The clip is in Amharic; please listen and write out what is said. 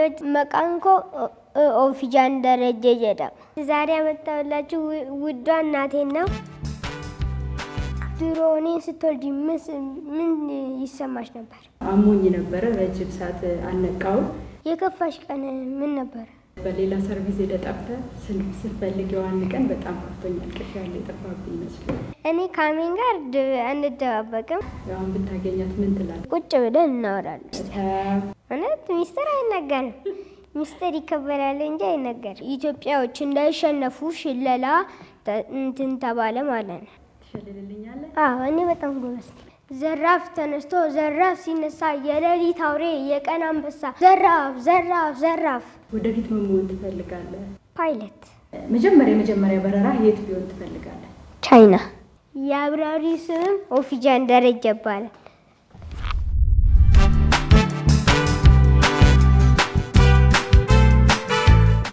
ልጆች መቃንኮ ኦፊጃን ደረጀ ጀዳ ዛሬ ያመጣሁላችሁ ውዷ እናቴ ነው። ድሮ እኔ ስትወልድ ምን ይሰማሽ ነበር? አሞኝ ነበረ። ሰዓት አልነቃውም። የከፋሽ ቀን ምን ነበረ? በሌላ ሰርቪስ የደጠፈ ስፈልግ የዋን ቀን በጣም ከፍቶኛል። ቅር ያለ የጠፋብኝ ይመስሉ እኔ ካሜን ጋር እንደባበቅም አሁን ብታገኛት ምን ትላለህ? ቁጭ ብለን እናወራለን። እውነት ሚስጥር አይነገርም። ሚስጥር ይከበራል እንጂ አይነገርም። ኢትዮጵያዎች እንዳይሸነፉ ሽለላ እንትን ተባለ ማለት ነው። ትሸልልልኛለህ? አዎ እኔ በጣም ጎበስ ዘራፍ ተነስቶ ዘራፍ ሲነሳ የሌሊት አውሬ የቀን አንበሳ ዘራፍ ዘራፍ ዘራፍ። ወደፊት ምን መሆን ትፈልጋለህ? ፓይለት። መጀመሪያ የመጀመሪያ በረራ የት ቢሆን ትፈልጋለህ? ቻይና። የአብራሪ ስም ኦፊጃን ደረጀ ይባላል።